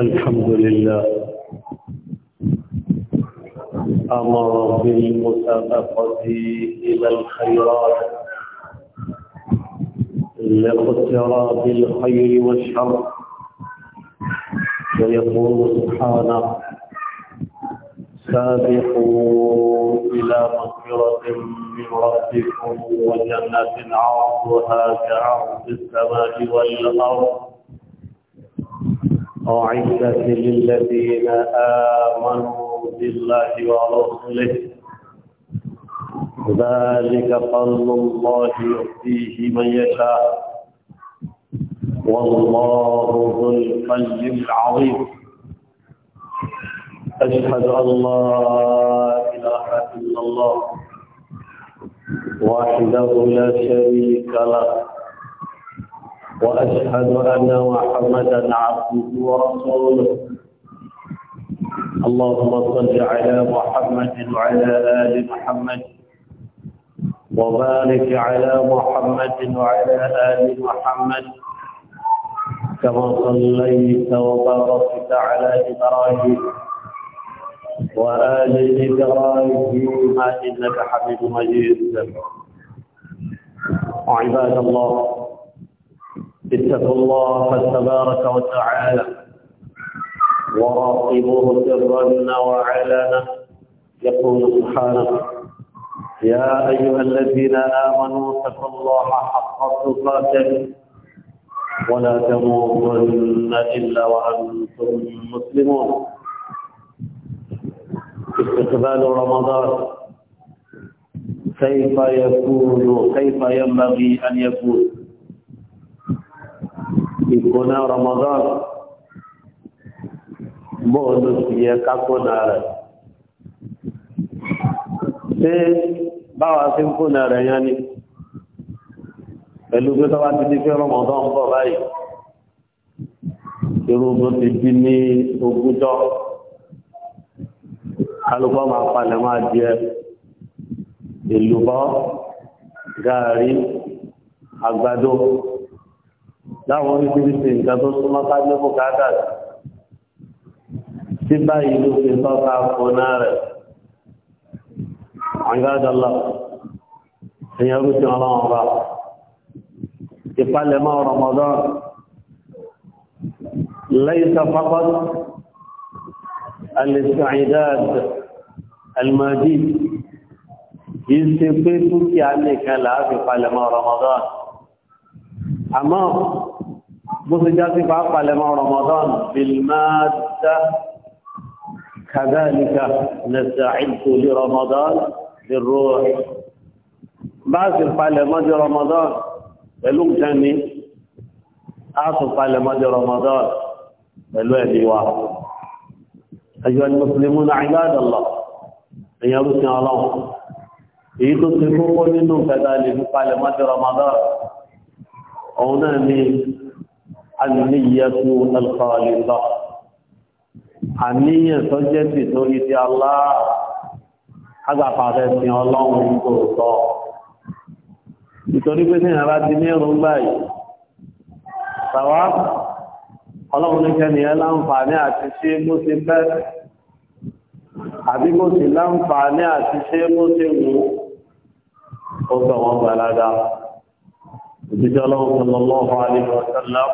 الحمد لله أمر بالمسابقة إلى الخيرات لاقتراب الخير والشر ويقول سبحانه سابقوا إلى مغفرة من ربكم وجنة عرضها كعرض السماء والأرض أعدت للذين آمنوا بالله ورسله ذلك فضل الله يؤتيه من يشاء والله ذو الفضل العظيم أشهد أن لا إله إلا الله وحده لا شريك له وأشهد أن محمدا عبده ورسوله اللهم صل على محمد وعلى آل محمد وبارك على محمد وعلى آل محمد كما صليت وباركت على إبراهيم وآل إبراهيم إنك حميد مجيد وعباد الله اتقوا الله تبارك وتعالى وراقبوه سرا وعلانا يقول سبحانه يا ايها الذين امنوا اتقوا الله حق تقاته ولا تموتن الا وانتم مسلمون استقبال رمضان كيف يكون كيف ينبغي ان يكون ìkóná Ramadan bóòlù sì yẹ kákóná rẹ̀ ṣé báwa sí ń kóná rẹ̀ yán ni pẹ̀lú pé tọ́wá ti di pé Ramadan bọ̀ báyìí irúgbó ti bí ní ogúnjọ́ kálukọ́ máa palẹ̀ máa jẹ èlùbọ́ gààrí àgbàdo láwọn oríṣiríṣi nǹkan tó súnmọ́ sáájú kò káàkà sí báyìí ló fi tọ́ka fúnná rẹ̀ ọ̀gádọ́lá èèyàn rúṣì ọlọ́run bá ìpalẹ̀mọ́ Ramadan ليس فقط الاستعداد المادي يستفيد كي عليك لا في قلم رمضان àmọ́ مسجاتي بابا لما رمضان بالمادة كذلك نستعد لرمضان بالروح بعض الفعلمات رمضان بلوم تاني أعطوا الفعلمات رمضان بلوه واحد أيها المسلمون عباد الله أن يرسل الله يدخل كل منهم كذلك فعلمات رمضان أو نامي alìníyàtú alìkọ́ọ̀lẹ́gbà àníyàn tó jẹ́ sí torí ti Allah agbàpàfẹ́ sí ọlọ́run tó tọ́ ìtorí pé sí ìrìnàrá ti ní èròǹgbà yìí tàwa ọlọ́run ní kẹ́ni ẹ láǹfààní àti ṣe bó ti fẹ́ àbí bó ti láǹfààní àti ṣe bó ti wù ó sọ wọn gbàládà òjíjọ́ ọlọ́run sallallahu alaihi wa sallam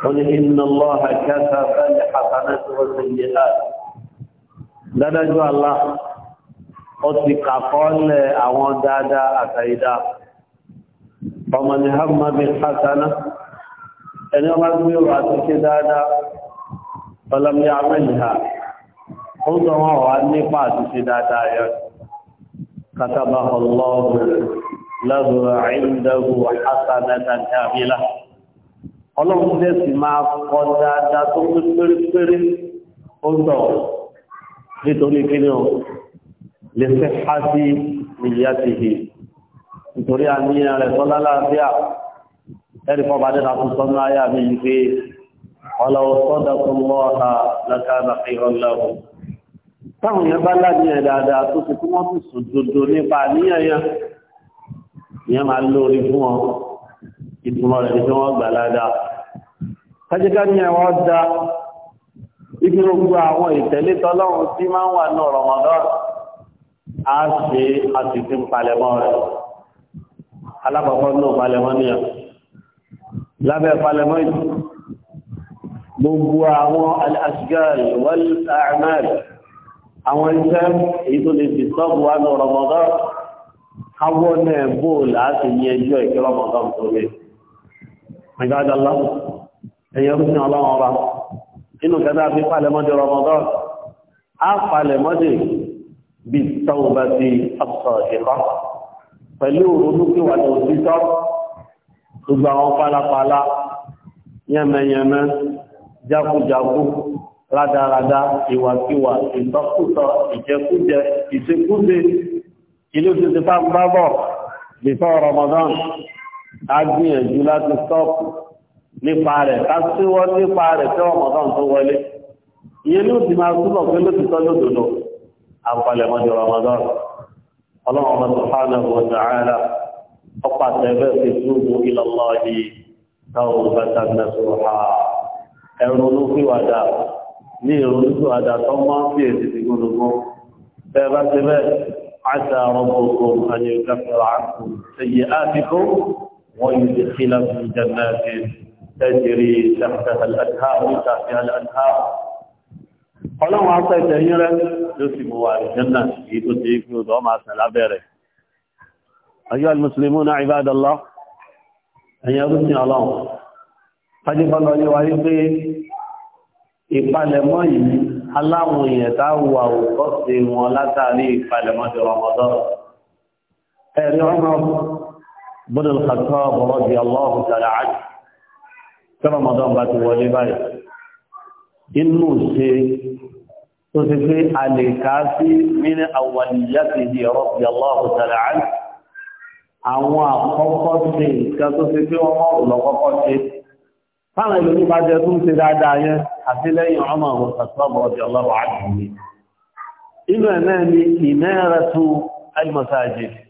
wọ́n ní iná lọ́ha kẹta fẹ́lẹ̀ àtàlẹ́ tí wọ́n ti yé náà dádájú àlá ó ti kàkọ́ọ́lẹ̀ àwọn dáadáa àtàyídá ọmọ ni hàmà bí hasana ẹni ọmọ gbéwò àti ṣe dáadáa ọlọ́mí àmẹ́lìhà ó sọ wọn wà nípa àti ṣe dáadáa yẹn katabahu Allahu lahu 'indahu hasanatan kamila ọlọ́run tẹ́ sì máa kọ dáadáa tó pé pérépéré ó ń tọ̀ nítorí kíni o lè fẹ́ há sí ìyá ti hì nítorí àníyàn rẹ̀ tọ́lá láàbíà ẹ̀rí fọ́ba dẹ́ta tó sọ́nà ayé àmì yìí pé ọlọ́wọ́ sọ́dà tó ń ọ̀tà lọ́ka àbàkì ọlọ́run táwọn yẹn bá láníyàn dáadáa tó ti kí wọ́n fi sùn dodo nípa àníyàn yẹn ìyẹn máa lórí fún ọ ìtumọ̀ rẹ̀ tí wọ́n gbà ládàá kájíká ní ẹ̀wọ́ da ibi gbogbo àwọn ìtẹ̀lé tọ́lọ́run tí máa ń wà ní Ramadan á ṣe àtìsí palẹ̀mọ́ rẹ̀ alákọ̀ọ́kọ́ ní palẹ̀mọ́ nìyà lábẹ́ palẹ̀mọ́ yìí gbogbo àwọn al-ashghal wal àwọn iṣẹ́ èyí tó lè fi sọ́ọ̀bù wà ní Ramadan káwọ́ náà bóòlù á sì yẹjọ́ ìkírọ̀mọ̀dán tó lè àgbàdàlá ẹ̀yẹn rúfin ọlọ́run ọba inú kẹta fi palẹ̀mọ́dé rọmọdọ́ á palẹ̀mọ́dé bí tọ́wọ́ bá ti ọ̀pọ̀ ìkọ́ pẹ̀lú olùkíwà tó títọ́ gbogbo àwọn pálapàla yẹmẹyẹmẹ jákújákú rádaràdá ìwàkíwà ìtọ́kùtọ̀ ìjẹkújẹ ìṣekúṣe ilé òṣèṣe tá ń bá bọ̀ before Ramadan ká gbìyànjú láti sọ́ọ̀pù nípa rẹ̀ ká síwọ́ nípa rẹ̀ tẹ́ ọmọdán tó wọlé iye ní òtí máa túbọ̀ pé ló ti tọ́jú òdòdó àpalẹ̀mọ́jọ Ramadan ọlọ́run ọmọ subhanahu wa ta'ala ọ̀pá tẹ̀fẹ́ fi túbú ila Allahi tawbatan nasuha ẹ̀rù olúfíwàdà ní ìrù olúfíwàdà tó máa ń fi èsì sí gbogbo tẹ́ bá ti bẹ́ẹ̀ àti àwọn ọmọ ogun àyè ويدخلهم جنات تجري تحتها الأنهار وتحتها الأنهار ọlọ́run aṣọ ìtẹ̀yìn rẹ ló sì mú wa àrìjẹ́nà èyí tó ti kí odò ọmọ àṣà lábẹ́rẹ̀ ayọ́ alìmùsùlùmí náà ìbádọ́lá ẹ̀yìn ọdún sí ọlọ́run fájífọ́lọ́ ní wáyé pé ìpalẹ̀mọ́ yìí aláwọn èèyàn tá wà òkọ́ sí wọn látàrí ìpalẹ̀mọ́ ti rọmọdọ́ ẹ̀rí ọmọ بن الخطاب رضي الله تعالى عنه كما مضان بات ولي باي inú ṣe tó ṣe pé a lè ká sí mínú àwàlìyàtìdì rọ́bì aláhù tààrà án àwọn àkọ́kọ́ ṣe nǹkan tó ṣe pé wọ́n mọ́ lọ́kọ́kọ́ ṣe fáwọn ìlú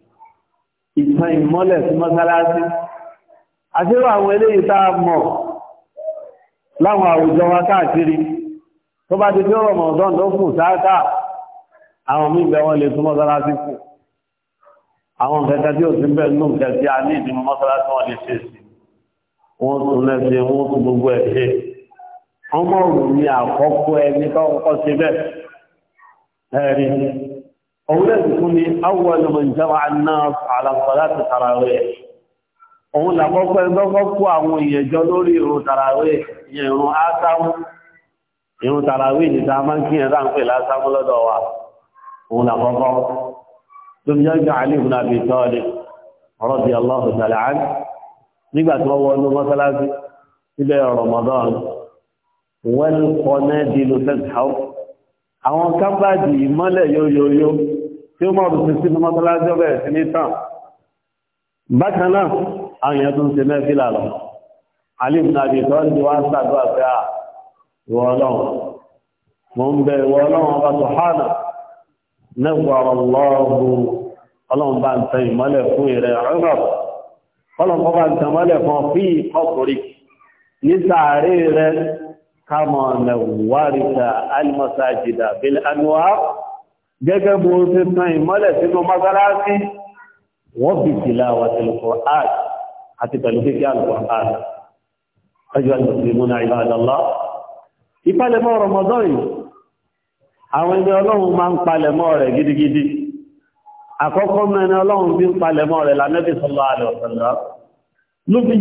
ìtàn ìmọ́lẹ̀ sí mọ́sálásí àṣírò àwọn eléyìí tá a mọ̀ láwọn àwùjọ wa káàkiri tó bá ti fi ọ̀rọ̀ mọ̀ọ́dán tó kù sáátà àwọn míì bẹ wọn lè tún a ní ọmọ òun ni àkọ́kọ́ ẹni tó kọ́kọ́ ṣe bẹ́ẹ̀ ẹ̀rí òun lè tún ní awọ́lù mọ̀jáwà náà àlàfàláti tàràwẹ̀ òun làkọ́kọ́ ẹgbọ́kọ́ kó àwọn ìyẹjọ́ lórí ìrun tàràwẹ̀ ìrun ásámú ìrun tàràwẹ̀ ìdíta máa ń kí ẹ̀ ráńpẹ̀ lásámú lọ́dọ̀ wa òun làkọ́kọ́ tó fi jẹ́ Ali ibn Abi Talib radiyallahu ta'ala anhu nígbà tí wọ́n wọ inú mọ́sálásí síbẹ̀ Ramadan wọ́n kọ́ náà di lọ́sẹ̀ àwọn kábàdì ìmọ́lẹ̀ yóyóyó tí ó mọ̀ rùsù sí mọ́tọ́lájọ́ bẹ̀rẹ̀ sí ní tàn bákan náà àwọn èèyàn tó ń ṣe mẹ́fìlà lọ alif nàbì tó ń di wá sàdúrà pé à wọ ọlọ́run mo ń bẹ ìwọ ọlọ́run ọba tó hánà nẹ́wọ̀ ọlọ́run kama nawarita almasajida bil anwar gẹ́gẹ́ bó ṣe tán ìmọ́lẹ̀ sínú mọ́sálásí wọ́n fi tilawati al-Qur'an àti pẹ̀lú kíkí al-Qur'an ọjọ́ al-muslimuna ibadallah ìpalẹ̀mọ́ Ramadan yìí àwọn ẹni ọlọ́run máa ń palẹ̀mọ́ rẹ̀ gidigidi àkọ́kọ́ mẹ́rin ọlọ́run bí ń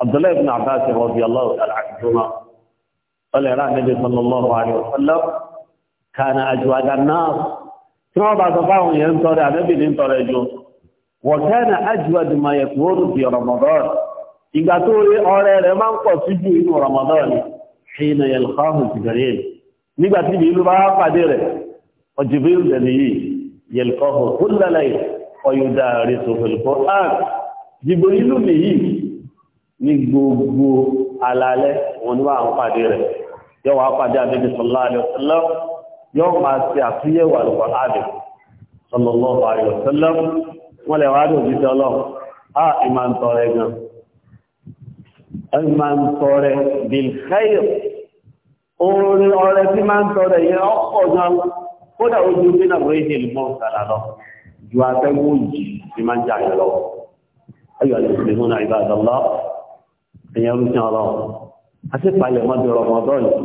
Abdullahi ibn Abbas radiyallahu ta'ala anhuma ọlẹ̀ rà níbi sallallahu alayhi wa sallam kana ajwada an-nas tí wọ́n bá sọ fáwọn èèyàn ń tọrẹ àbẹ́bì ní tọrẹ jù wọ́n kana ajwada ma yakunu fi Ramadan ìgbà tó rí ọrẹ rẹ̀ máa ń pọ̀ sí ju inú Ramadan hina yalqahu Jibril yìí yalqahu kulla ní gbogbo alalẹ́ wọn ni wọ́n pàdé rẹ̀ yọ́ wọ́n pàdé àbẹ́bẹ̀ sallallahu alaihi wasallam yọ́ máa ṣe àtúnyẹ̀wò àlùkò àdè sallallahu alaihi wasallam wọ́n lè wá dùn jíjẹ́ ọlọ́run á ìmà ń tọrẹ gan ìmà ń tọrẹ bilkhair orin ọrẹ tí máa ń tọrẹ yẹn ọ̀pọ̀ gan ju atẹ́gùn òjì tí máa ń jà yẹn ayọ̀ àti ìṣèlú náà ìbá àdàlọ́ èèyàn rúfin ọlọ́run aṣípalẹ̀ mọ́ bí ọ̀rọ̀ ọ̀dọ́ yìí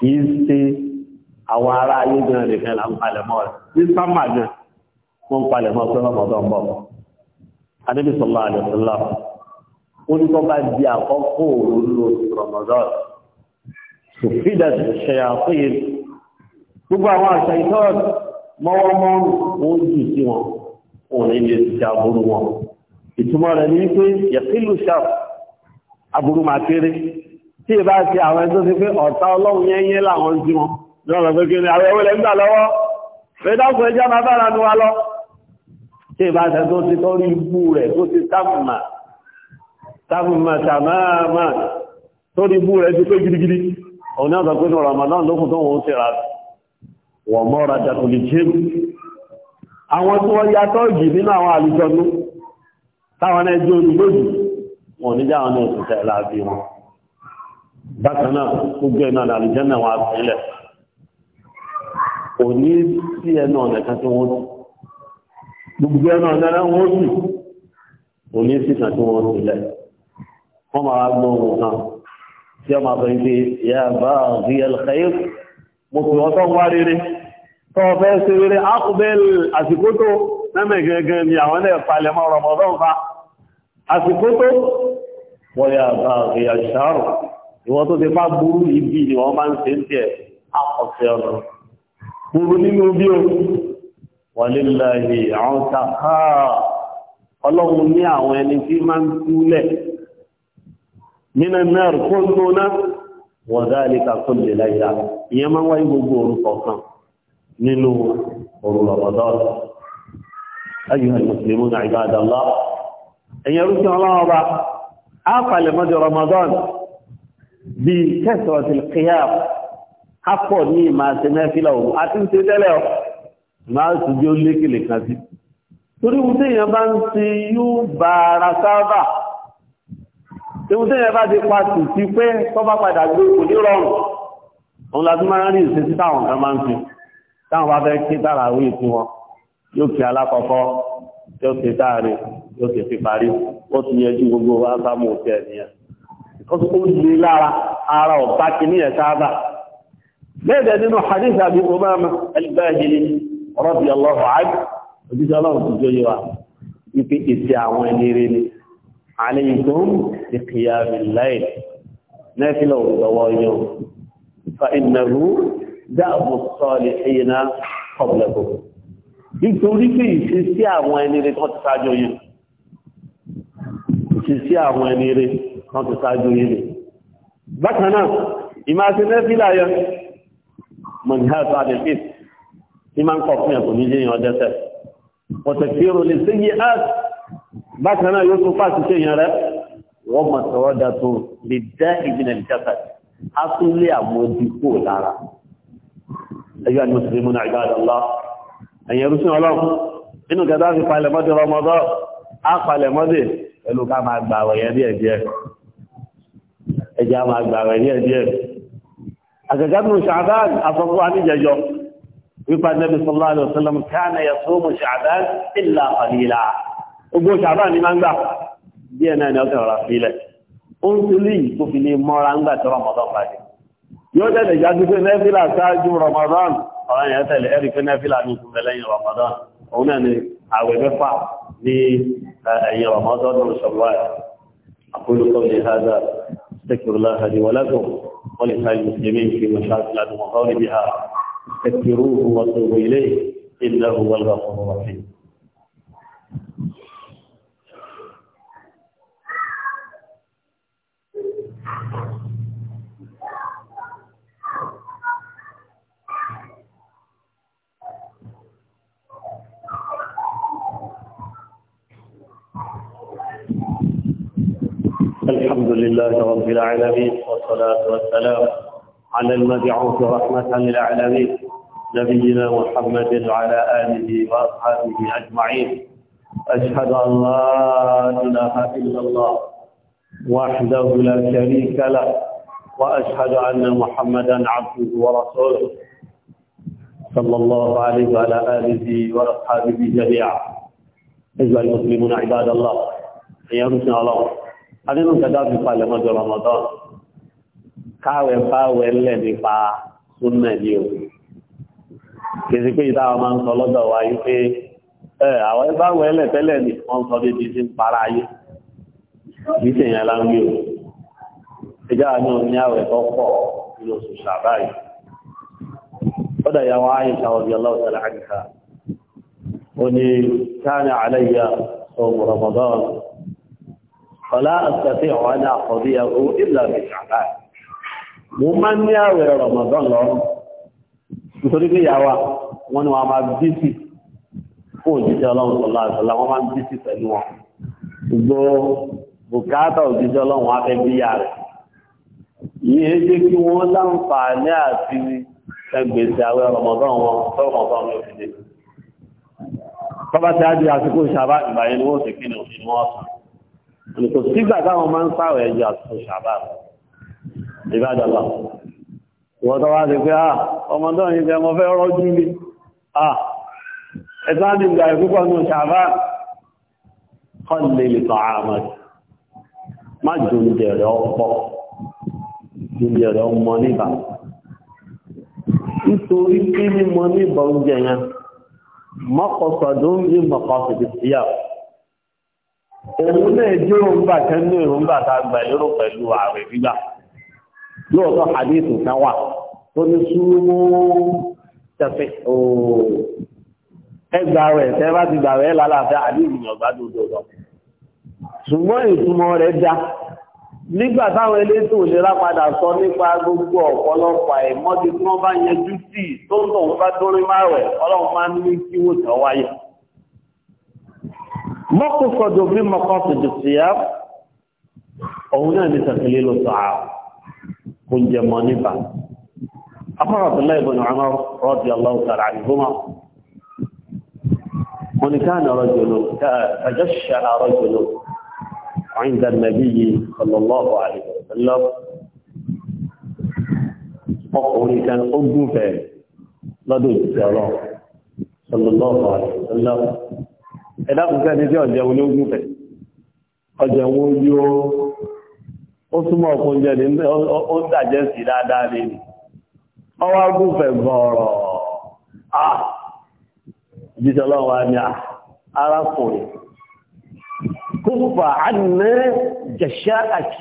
kì í ṣe àwọn ará ayé gan nìkan là ń palẹ̀ mọ́ rẹ̀ ní sámà gan wọ́n ń palẹ̀ mọ́ pé ọmọdé ń bọ̀ adébí sọlá àdìsọlá ó ní kó bá di àkọ́kọ́ òru ló rọmọdọ́n ṣẹyà péye gbogbo àwọn àṣà ìtọ́ọ̀tì mọ́wọ́mọ́ wọ́n jù sí wọn òun ní lè ṣe wọn ìtumọ̀ rẹ̀ ní wípé yẹ̀kílù ṣáà aburú máa kéré tí ìbá ti àwọn ẹjọ́ sí pé ọ̀tá ọlọ́run yẹn yẹn láwọn sí wọn lọ́rọ̀ pé kí ni àwọn ẹwẹ́lẹ̀ ń gbà lọ́wọ́ fẹ́dákùn ẹjá máa bára nu wa lọ tí ìbá ti tó ti tọ́rí ibú rẹ̀ tó ti tábùmà tábùmà tàmáàmà tọ́rí ibú rẹ̀ ti pé gidigidi òun náà sọ pé ní Ramadan lókun tó wọn ó ti ra wọ̀n mọ́ra jàtò lè jẹ́ àwọn tí wọ́n yàtọ̀ yìí nínú àwọn àlùjọ́nú táwọn ẹjọ́ olùgbòjì wọn ò ní dáhùn náà ṣiṣẹ́ láàbí wọn bákan náà gbogbo ẹ̀nà àlùjẹ́ náà wọn àtìlẹ̀ kò ní sí ẹnu ọ̀nà kan tí wọ́n ti gbogbo ẹnu ọ̀nà náà wọ́n sì kò ní sí kan tí wọ́n ti lẹ̀ wọ́n máa gbọ́ ohun kan tí wọ́n máa bọ̀ ibi ìyá bá rí ẹlẹ́kẹ́yẹ́ mo fi wọ́n tó wá rere tó ọ̀fẹ́ ṣe rere ákùbẹ́lì àsìkò tó mẹ́mẹ́ gẹ́gẹ́ ni àwọn ẹ̀fà lẹ́mọ́ ọ̀rọ̀ mọ́ wọ́n yà bá ìyà ṣàárọ̀ ìwọ́n tó ti bá burú ibi ni wọ́n máa ń ṣe ń tẹ̀ àkọsẹ̀ ọ̀rọ̀ burú nínú bí o wà nílá ìhè àwọn tàkà ọlọ́run ní àwọn ẹni tí máa ń túlẹ̀ nínú náà kó ń ápàlẹ̀ mọ́jọ Ramadan bí kẹsàn ti kíyàm ápọ̀ ní ìmá àti mẹ́fílà òun àti ń ṣe tẹ́lẹ̀ ọ̀ máa sì bí ó lékèlè kan sí torí ohun tí èèyàn bá ń ṣe yóò bá ara sábà ohun tí èèyàn bá ti pa sì sí pé tó bá yóò sì fi parí ó ti yẹjú gbogbo wa bá mú òtí ẹ̀nìyàn ó lè lára ara ọ̀bá kìíní ẹ̀ sáábà bẹ́ẹ̀ nínú hadith Abi Umama al-Bahili radiyallahu anhu òjíṣẹ́ ọlọ́run ti jóyè wa wípé ètè àwọn eléré ni alaykum bi qiyamil layl nẹ́fìlà òwúrọ̀wọ́ yóò fa innahu dáàbò salihina qablakum nítorí pé ìṣesí àwọn eléré tó ti ṣáájú yìí ìṣesí àwọn ẹni rẹ̀ wọ́n ti sáájú ilé bákan náà ìmáṣe nẹ́fílà yọ mọ̀nìyàtọ̀ àdẹ̀fíì tí máa ń kọ̀ fún ẹ̀kùn ní jẹ́yàn ọdẹ́sẹ̀ pọ̀tẹ̀kìrò lè sí yí áàt bákan náà yóò tún fàṣì ṣe yẹn rẹ̀ wọ́n mọ̀ tọ́wọ́ da tó lè dẹ́ ìbìnà ìjọsẹ̀ á tún ni mùsùlùmí náà ìgbà àdàlá ẹ̀yẹrú sí ọlọ́run nínú gàdá fi palẹ̀ mọ́jọ́ rọmọdọ́ á palẹ̀ mọ́dé pẹ̀lú ká máa gbà wẹ̀yẹ díẹ̀ díẹ̀ ẹjẹ́ á máa gbà wẹ̀ díẹ̀ díẹ̀ àgàgà bí mo ṣàdá àfọwọ́ aníjẹjọ wípa nẹ́bí sọlá àlọ́ sọlọ́m káàna yẹ tó mo ṣàdá ìlà àlìlà gbogbo ṣàdá ni máa ń gbà díẹ̀ náà ni ọkàn rà sílẹ̀ ó ń tún lè tó fi lè mọ́ra ń gbà tó rọmọdọ́ ní ẹ̀yìn Ramadan Shawwal aqulu qawli hadha astaghfirullaha li wa lakum wa li sa'il muslimin fi mashaatil ardi wa magharibiha استغفروه هو الغفور الرحيم الحمد لله رب العالمين والصلاة والسلام على المبعوث رحمة للعالمين نبينا محمد وعلى آله وأصحابه أجمعين أشهد أن لا إله إلا الله وحده لا شريك له وأشهد أن محمدا عبده ورسوله صلى الله عليه وعلى آله وأصحابه جميعا أيها المسلمون عباد الله أيها رسول الله adínú ìjọba fi palẹ̀ mọ́jọ Ramadan káwẹ̀ báwẹ̀ lẹ̀ nípa súnmà ní o kìí pé ìdáwà máa ń sọ lọ́dọ̀ wa yí pé ẹ̀ àwọn báwẹ̀ lẹ̀ tẹ́lẹ̀ ní wọ́n sọ bíbi sí ń para ayé kìí ṣe yẹn láńgbé o ìjà ní ní àwẹ̀ tó pọ̀ nínú oṣù sàbáyé ó dà yà wá àyíká ọlọ́ọ̀tẹ̀lẹ̀ ọ̀lá àtàtì ọ̀hánà àkọ̀bí ẹ̀hó ìlànà ìṣàlá mo máa ń ní àwẹ̀ Ramadan lọ nítorí pé ìyá wa wọ́n ní wọ́n máa bí sí fún òjíṣẹ́ ọlọ́run sọ̀lá àṣọlá wọ́n máa ń bí sí pẹ̀lú wọn gbogbo bùkátà òjíṣẹ́ ọlọ́run wọn bí yá rẹ̀ ìyẹn jẹ́ kí wọ́n láǹfààní àti ẹgbẹ̀sẹ̀ àwẹ̀ Ramadan wọn tó Ramadan ló fi dé tọ́ba tí a di àsìkò ìṣàbá ìgbà ni wọ́n ti kí ni òfin wọn sàn kò sígbà táwọn máa ń sáwẹ̀ ẹjọ́ àtúnṣe ṣàbá ìbádọ́lá ìwọ́n tó wá ti pé à ah, ọmọdé yìí tẹ́ mọ fẹ́ rọ́jú mi à ah, ẹ̀tọ́ àti ìgbà ìpúpọ̀ ní ṣàbá kọ́lé ìtọ̀ àmọ́ má jòǹdè rẹ̀ ọ̀pọ̀ jòǹdè òun náà jẹ́ òǹgbà kan ní òǹgbà tá a gbà lérò pẹ̀lú ààrẹ gbígbà lóòótọ́ àdéhùn kan wà tó ní súnmọ́ tẹ̀sí ooo ẹgbà rẹ̀ tẹ́ bá ti gbà rẹ̀ lálàáfíà àdéhùn ọ̀gbà dòdò lọ. ṣùgbọ́n ìtumọ̀ rẹ̀ dá nígbà táwọn elétò ìlera padà sọ nípa gbogbo ọ̀pọ̀lọpọ̀ àìmọ́dé tí wọ́n bá yẹjú sí tó ń tọ̀ ń bá dórí márùn-ún ọlọ́run máa ń ní kí wò tán wáyé mọ́kùnfọ́dọ̀ bí mọ́kànfọ́dọ̀ sí á òun náà ní sàkílẹ̀ ló sọ á kò jẹ mọ́ nípa afọ́rọ̀ abdullahi ibn umar radiyallahu ta'ala anhuma wọn ni káà nàrọ̀ jòló kàjọ́ṣà nàrọ̀ jòló عند النبي صلى الله عليه وسلم ẹ̀dá kò sẹ́ni tí ọ̀jẹ̀ wọn ló fẹ̀ ọ̀jẹ̀ wọn yóò ó súnmọ́ ọkùnrin jẹ́ ní ó dàjẹ́ sí dáadáa lè ọwá gùn fẹ̀ gbọ́ọ̀rọ̀ ah jíṣẹ́ ọlọ́wà ni arákùnrin kúfà ánẹ́ jẹ̀ṣẹ́ àti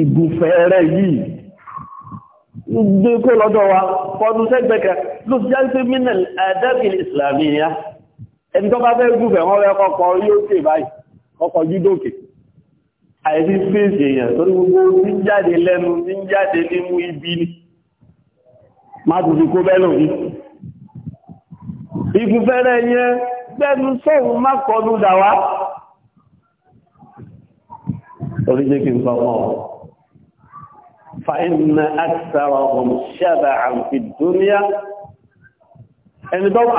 ìgùnfẹ́ rẹ̀ yìí gbé kó lọ́dọ̀ wa fọdún sẹ́gbẹ̀kẹ́ ló fi jáde pé mínà àdábìlì ìsìlámì ẹni tó bá fẹ́ gúfẹ̀ wọ́n rẹ kọ́kọ́ yókè báyìí kọ́kọ́ júdókè àìsí spéèsì èèyàn torí gbogbo tí ń jáde lẹ́nu tí ń jáde nínú ibi ni má tuntun kó bẹ́ẹ̀ lòdì ìfúfẹ́rẹ́ yẹn gbẹ́nu sọ́hun má kọlu dàwá torí jẹ́ kí n sọ fún ọ fa inna akthara hum shaba'an fi dunya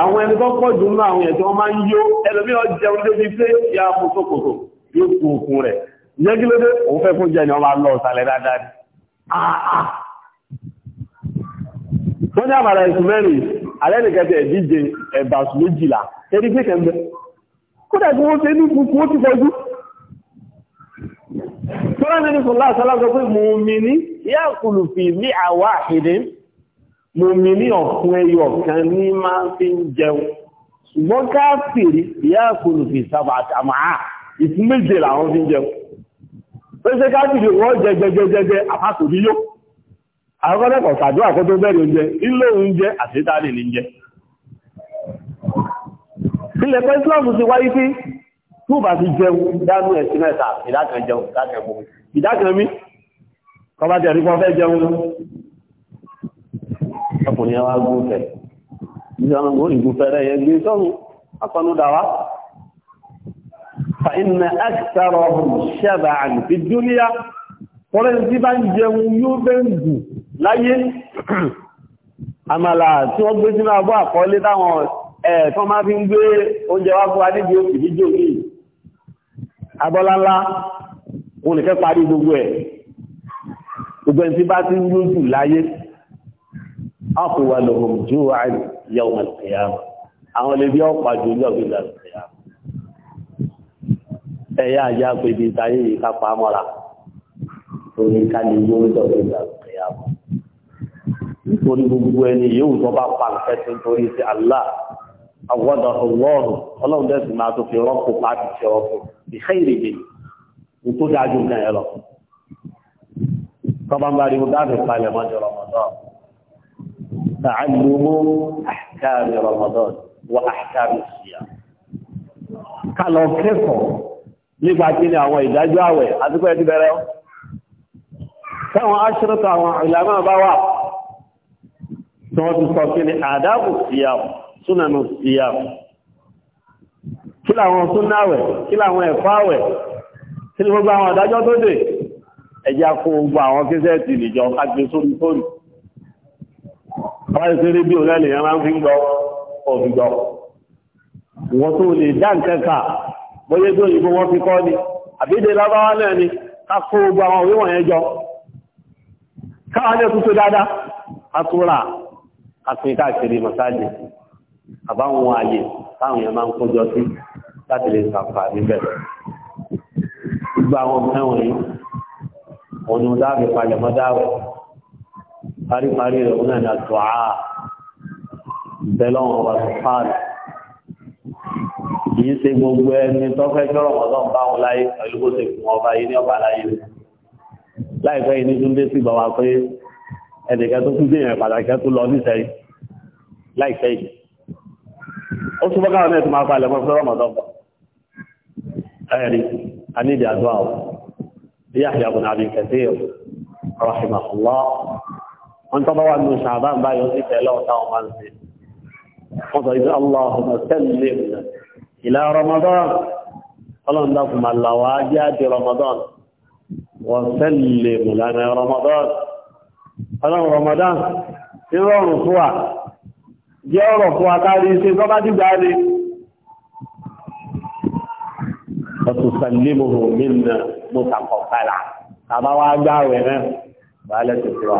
àwọn ẹni tó pọ̀ jù nínú àwọn ẹ̀tọ́ máa ń yó ẹlòmí ọjẹun débi pé ya mú sókòtò yóò kú òkun rẹ̀ jẹ́ kí ló dé òun fẹ́ fún jẹ́ ni ọba lọ ọ̀sàlẹ̀ dáadáa ni wọ́n ní àmàrà ẹ̀sùn mẹ́rin alẹ́nìkẹta ẹ̀díje ẹ̀bàṣù ní kúkú àṣálá sọ pé mùmí ní yá kùlù fi ní àwà ìdín mo mi ní ọ̀fún ẹyọ kan ní máa fi ń jẹun ṣùgbọ́n káàkiri ìyá àkọlù fi sábà àtàmáà ìfún méje làwọn fi ń jẹun pé ṣe káàkiri wọ́n jẹ jẹjẹjẹjẹ àpapọ̀ ní yó àkọ́kọ́ ṣàdúrà kó tó bẹ̀rẹ̀ oúnjẹ ilé oúnjẹ àṣetánì ní jẹ ilẹ̀ pẹ́ islam ti wáyé pé tó bá ti jẹun dánú ẹ̀sìn mẹ́ta ìdákan jẹun ìdákan mú kọ́ bá jẹ́ rí pọ́ fẹ́ jẹun ọkùnrin yẹn wá gúnfẹ́ ìjọ àwọn òní gúnfẹ́ rẹ̀ yẹn gbé sọ́run akọnúdà wá fàínà àkìsàrọ̀ ṣẹ́bà àgbẹ̀ dúníyà fọ́rẹ́ tí bá ń jẹun yóò bẹ́ ń gù láyé àmàlà tí wọ́n gbé sínú abọ́ àkọọ́lé táwọn ẹ̀ẹ̀kan máa fi ń gbé oúnjẹ wá fún adébí òkè níjò yìí abọ́láńlá wọn parí gbogbo ẹ̀ gbogbo ẹni tí bá ti ń lójú láyé àpòwàlòhùn jùwàán yàwó alìyàmà àwọn olè bí ọ̀pá jù ní ọ̀gbìn alìyàmà ẹ̀yà àjá pé ibi ìtayé yìí ká pa mọ́ra torí ká lè yó ní ọ̀gbìn alìyàmà nítorí gbogbo ẹni yóò tó bá pa nǹkan tó ń torí sí Allah àwọ̀dọ̀ ọlọ́run ọlọ́run dẹ́sì bá rí mo dáàbò palẹ̀ mọ́jọ́ rọ̀mọ́dọ́ọ̀ تعلم أحكام رمضان وأحكام الصيام kálọ̀ kẹ́kọ̀ọ́ nípa kí ni àwọn ìdájọ́ àwẹ̀ àtúkọ̀ ẹ̀dí bẹ̀rẹ̀ ọ́ káwọn aṣírọ́tọ̀ àwọn ìlànà bá wà tí wọ́n ti sọ kí ni àdábù síyàwó súnanù síyàwó kí làwọn súnáwẹ̀ kí làwọn ẹ̀fáwẹ̀ kí ni gbogbo àwọn ìdájọ́ tó dé ẹjá kó gbogbo àwọn kí bá rí pé rédíò náà lèèyàn máa ń fi gbọ́ òfin gbọ́ wọ́n tó lè dá nǹkan kà bóyá tó yìí wọ́n fi kọ́ ni àbídé lábáwá náà ni ká kó gbogbo àwọn òwe wọ̀nyẹn jọ káwọn náà tún tó dáadáa àtúrà àfin káàkiri mọ̀sáàjì àbáwọn ààyè táwọn èèyàn máa ń kójọ sí láti lè sàǹfà níbẹ̀ gbogbo àwọn ọmọ ẹ̀wọ̀n yìí òun ni mo dáàbì palẹ̀mọ́ dáàbì paríparí rẹ̀ ó náà ní àdúà bẹ́lọ́n ọba sùpáàlì kìí ṣe gbogbo ẹni tó fẹ́ kọ́rọ̀ wọn lọ́n bá wọn láyé pẹ̀lú bó ṣe fún ọba yìí ní ọba láyé láìpẹ́ yìí ní túndé sì bọ̀ wá pé ẹnìkan tó tún dé yẹn pàtàkì tó lọ nísẹ̀yìn láìpẹ́ yìí ó túnbọ̀ káwọn náà ti máa palẹ̀ mọ́ fún ọmọdé ọba ẹ̀rí anídìí àdúrà ó bí àyàbùn àbí kẹsíọ̀ rahimahullah wọ́n tọ́ bá wà nù ṣàbá ń báyọ̀ sí tẹ̀lọ́ táwọn máa ń ṣe wọ́n sọ ibi Allahumma sallim ila Ramadan ọlọ́run dákun máa làwọ̀ ajé àti Ramadan wọ́n sallim lana Ramadan ọlọ́run Ramadan ti rọrùn fún wa jẹ́ ọ̀rọ̀ fún wa kárí ṣe tọ́ bá dìgbà rí ọ̀tùsànlẹ́mù nínú mọ́tàkọ̀ọ́kàlà tàbá wá gbáwẹ̀ náà bá lẹ́sẹ̀ sí wa.